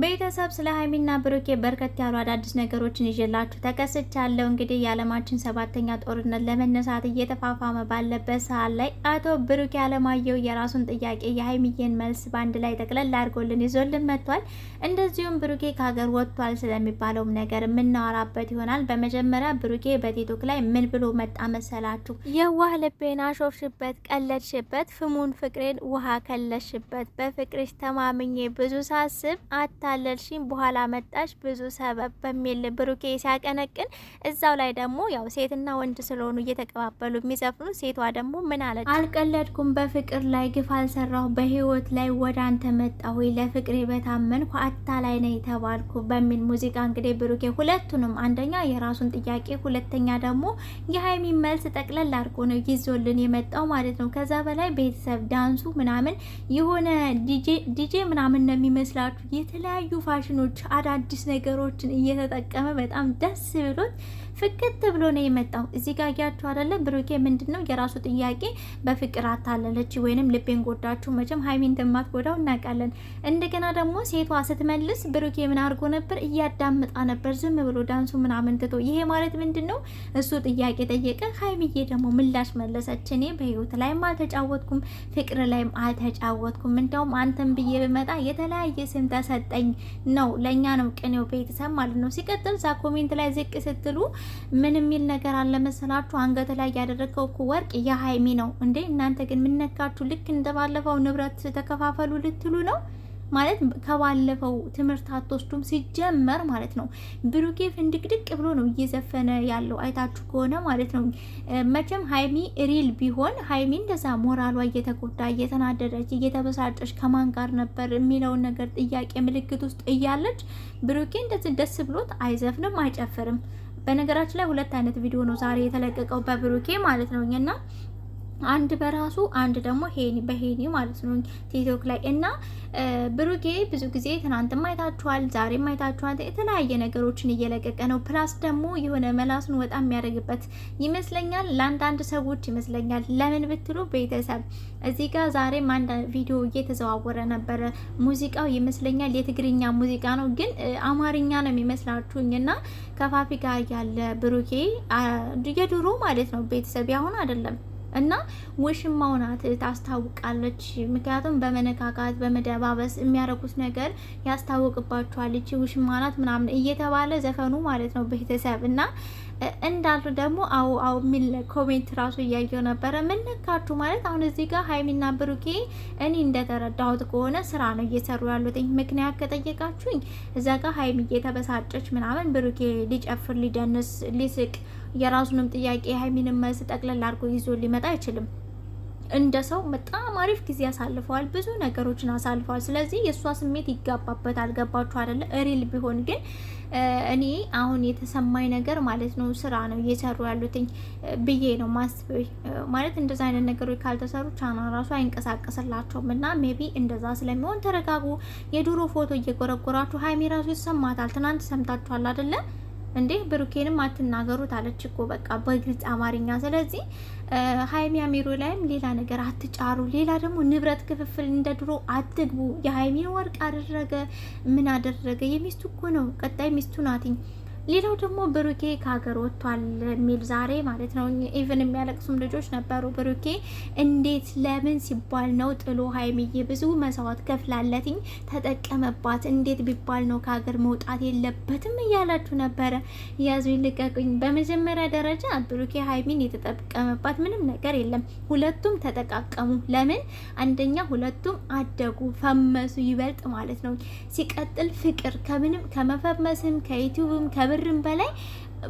ቤተሰብ ስለ ሀይሚና ብሩኬ በርከት ያሉ አዳዲስ ነገሮችን ይዤላችሁ ተከስቻለሁ። እንግዲህ የዓለማችን ሰባተኛ ጦርነት ለመነሳት እየተፋፋመ ባለበት ሰዓት ላይ አቶ ብሩኬ አለማየሁ የራሱን ጥያቄ የሀይሚዬን መልስ በአንድ ላይ ጠቅለል አድርጎልን ይዞልን መጥቷል። እንደዚሁም ብሩኬ ከሀገር ወጥቷል ስለሚባለውም ነገር የምናወራበት ይሆናል። በመጀመሪያ ብሩኬ በቲክቶክ ላይ ምን ብሎ መጣ መሰላችሁ? የዋህ ልቤን አሾፍሽበት፣ ቀለድሽበት፣ ፍሙን ፍቅሬን ውሃ ከለሽበት፣ በፍቅርሽ ተማምኜ ብዙ ሳስብ አታለልሽኝ በኋላ መጣሽ ብዙ ሰበብ በሚል ብሩኬ ሲያቀነቅን እዛው ላይ ደግሞ ያው ሴትና ወንድ ስለሆኑ እየተቀባበሉ የሚዘፍኑ ሴቷ ደግሞ ምን አለች? አልቀለድኩም፣ በፍቅር ላይ ግፍ አልሰራሁ፣ በህይወት ላይ ወደ አንተ መጣሁ፣ ለፍቅሬ በታመንኩ ላይ ነኝ የተባልኩ በሚል ሙዚቃ እንግዲህ ብሩኬ ሁለቱንም አንደኛ የራሱን ጥያቄ፣ ሁለተኛ ደግሞ የሀይሚ መልስ ጠቅለል አድርጎ ነው ይዞልን የመጣው ማለት ነው። ከዛ በላይ ቤተሰብ ዳንሱ ምናምን የሆነ ዲጄ ምናምን ነው የሚመስላችሁ የተለ የተለያዩ ፋሽኖች፣ አዳዲስ ነገሮችን እየተጠቀመ በጣም ደስ ብሎት ፍክት ብሎ ነው የመጣው። እዚህ ጋር እያችሁ አይደለ? ብሩኬ ምንድን ነው የራሱ ጥያቄ፣ በፍቅር አታለለች ወይንም ልቤን ጎዳችሁ። መቼም ሀይሚን እንደማትጎዳው እናውቃለን። እንደገና ደግሞ ሴቷ ስትመልስ ብሩኬ ምን አድርጎ ነበር? እያዳምጣ ነበር፣ ዝም ብሎ ዳንሱ ምናምን ትቶ። ይሄ ማለት ምንድን ነው? እሱ ጥያቄ ጠየቀ፣ ሀይሚዬ ደግሞ ምላሽ መለሰች። እኔ በህይወት ላይም አልተጫወትኩም፣ ፍቅር ላይም አልተጫወትኩም፣ እንዲያውም አንተን ብዬ ብመጣ የተለያየ ስም ተሰጠ የሚሰጠኝ ነው። ለእኛ ነው ቅኔው ቤተሰብ ማለት ነው። ሲቀጥል እዛ ኮሜንት ላይ ዝቅ ስትሉ ምን የሚል ነገር አለ መሰላችሁ? አንገት ላይ ያደረገው እኮ ወርቅ የሀይሚ ነው እንዴ! እናንተ ግን ምነካችሁ? ልክ እንደባለፈው ንብረት ተከፋፈሉ ልትሉ ነው። ማለት ከባለፈው ትምህርት አትወስዱም ሲጀመር ማለት ነው። ብሩኬ ፍንድቅድቅ ብሎ ነው እየዘፈነ ያለው አይታችሁ ከሆነ ማለት ነው። መቼም ሀይሚ ሪል ቢሆን ሀይሚ እንደዛ ሞራሏ እየተጎዳ እየተናደደች እየተበሳጨች ከማን ጋር ነበር የሚለውን ነገር ጥያቄ ምልክት ውስጥ እያለች ብሩኬ እንደዚህ ደስ ብሎት አይዘፍንም አይጨፍርም። በነገራችን ላይ ሁለት አይነት ቪዲዮ ነው ዛሬ የተለቀቀው በብሩኬ ማለት ነው እና አንድ በራሱ አንድ ደግሞ ሄኒ በሄኒ ማለት ነው ቲክቶክ ላይ እና ብሩጌ ብዙ ጊዜ ትናንትም አይታችኋል፣ ዛሬም አይታችኋል። የተለያየ ነገሮችን እየለቀቀ ነው። ፕላስ ደግሞ የሆነ መላሱን ወጣ የሚያደርግበት ይመስለኛል ለአንዳንድ ሰዎች ይመስለኛል። ለምን ብትሉ ቤተሰብ እዚህ ጋር ዛሬም አንድ ቪዲዮ እየተዘዋወረ ነበረ። ሙዚቃው ይመስለኛል የትግርኛ ሙዚቃ ነው፣ ግን አማርኛ ነው የሚመስላችሁኝ። እና ከፋፊ ጋር ያለ ብሩጌ የድሮ ማለት ነው ቤተሰብ ያሁን አይደለም እና ውሽማው ናት ታስታውቃለች። ምክንያቱም በመነካካት በመደባበስ የሚያደርጉት ነገር ያስታውቅባቸዋል። ይቺ ውሽማ ናት ምናምን እየተባለ ዘፈኑ ማለት ነው ቤተሰብ እና እንዳሉ ደግሞ አው አው የሚል ኮሜንት ራሱ እያየው ነበረ። ምን ነካችሁ ማለት አሁን እዚህ ጋር ሀይሚና ብሩኬ እኔ እንደተረዳሁት ከሆነ ስራ ነው እየሰሩ ያሉት ምክንያት ከጠየቃችሁኝ እዛ ጋር ሀይሚ እየተበሳጨች ምናምን ብሩኬ ሊጨፍር፣ ሊደንስ፣ ሊስቅ የራሱንም ጥያቄ ሀይሚንም መልስ ጠቅለል አድርጎ ይዞ ሊመ ሊመጣ አይችልም። እንደ ሰው በጣም አሪፍ ጊዜ አሳልፈዋል፣ ብዙ ነገሮችን አሳልፈዋል። ስለዚህ የእሷ ስሜት ይጋባበታል። ገባችሁ አይደለ? ሪል ቢሆን ግን እኔ አሁን የተሰማኝ ነገር ማለት ነው ስራ ነው እየሰሩ ያሉትኝ ብዬ ነው ማስብ። ማለት እንደዛ አይነት ነገሮች ካልተሰሩ ቻና ራሱ አይንቀሳቀስላቸውም። እና ሜቢ እንደዛ ስለሚሆን ተረጋጉ። የድሮ ፎቶ እየጎረጎራችሁ ሀይሜ ራሱ ይሰማታል። ትናንት ሰምታችኋል አይደለም? እንዴ ብሩኬንም አትናገሩት አለች እኮ በቃ በግልጽ አማርኛ። ስለዚህ ሀይሚ አሚሮ ላይም ሌላ ነገር አትጫሩ። ሌላ ደግሞ ንብረት ክፍፍል እንደ ድሮ አትግቡ። የሀይሚን ወርቅ አደረገ ምን አደረገ የሚስቱ እኮ ነው። ቀጣይ ሚስቱ ናትኝ ሌላው ደግሞ ብሩኬ ከሀገር ወጥቷል የሚል ዛሬ ማለት ነው ኢቨን የሚያለቅሱም ልጆች ነበሩ። ብሩኬ እንዴት ለምን ሲባል ነው ጥሎ ሀይሚዬ ብዙ መስዋዕት ከፍላለትኝ ተጠቀመባት እንዴት ቢባል ነው ከሀገር መውጣት የለበትም እያላችሁ ነበረ። ያዙ ይልቀቁኝ። በመጀመሪያ ደረጃ ብሩኬ ሀይሚን የተጠቀመባት ምንም ነገር የለም። ሁለቱም ተጠቃቀሙ። ለምን አንደኛ ሁለቱም አደጉ፣ ፈመሱ ይበልጥ ማለት ነው። ሲቀጥል ፍቅር ከምንም ከመፈመስም ከዩቲዩብም ከብር ከምርም በላይ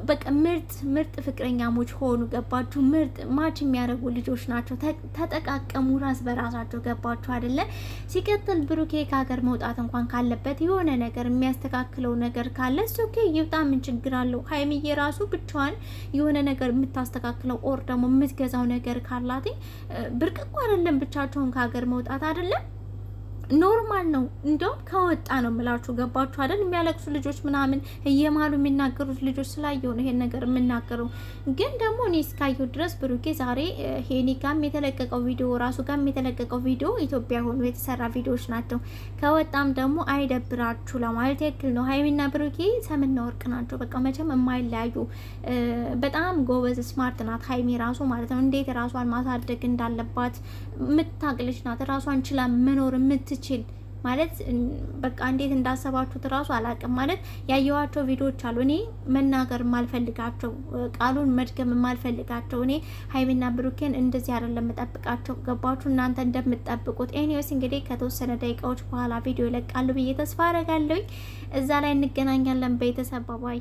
በቃ ምርጥ ምርጥ ፍቅረኛሞች ሆኑ። ገባችሁ? ምርጥ ማች የሚያደርጉ ልጆች ናቸው። ተጠቃቀሙ ራስ በራሳቸው ገባችሁ አይደለ? ሲቀጥል ብሩኬ ከሀገር መውጣት እንኳን ካለበት የሆነ ነገር የሚያስተካክለው ነገር ካለ እሱ ኦኬ ይውጣ፣ ምን ችግር አለው? ሀይሚዬ ራሱ ብቻዋን የሆነ ነገር የምታስተካክለው ኦር ደግሞ የምትገዛው ነገር ካላት ብርቅቁ አይደለም ብቻቸውን ከሀገር መውጣት አይደለም ኖርማል ነው። እንዲያውም ከወጣ ነው የምላችሁ። ገባችሁ አይደል? የሚያለቅሱ ልጆች ምናምን እየማሉ የሚናገሩት ልጆች ስላየው ነው ይሄን ነገር የምናገረው። ግን ደግሞ እኔ እስካየሁ ድረስ ብሩኬ ዛሬ ሄኒ ጋም የተለቀቀው ቪዲዮ ራሱ ጋም የተለቀቀው ቪዲዮ ኢትዮጵያ ሆኖ የተሰራ ቪዲዮዎች ናቸው። ከወጣም ደግሞ አይደብራችሁ ለማለት ያክል ነው። ሀይሚና ብሩኬ ሰምና ወርቅ ናቸው። በቃ መቼም የማይለያዩ በጣም ጎበዝ ስማርት ናት ሀይሚ ራሱ ማለት ነው። እንዴት ራሷን ማሳደግ እንዳለባት ምታቅልች ናት። ራሷን ችላ መኖር የምት እንድትችል ማለት በቃ እንዴት እንዳሰባችሁት እራሱ አላውቅም። ማለት ያየዋቸው ቪዲዮዎች አሉ። እኔ መናገር የማልፈልጋቸው ቃሉን መድገም የማልፈልጋቸው እኔ ሀይሜና ብሩኬን እንደዚህ አይደለም የምጠብቃቸው። ገባችሁ እናንተ እንደምትጠብቁት። ኤኒዌይስ እንግዲህ ከተወሰነ ደቂቃዎች በኋላ ቪዲዮ ይለቃሉ ብዬ ተስፋ አደርጋለሁኝ። እዛ ላይ እንገናኛለን። ቤተሰብ ባባይ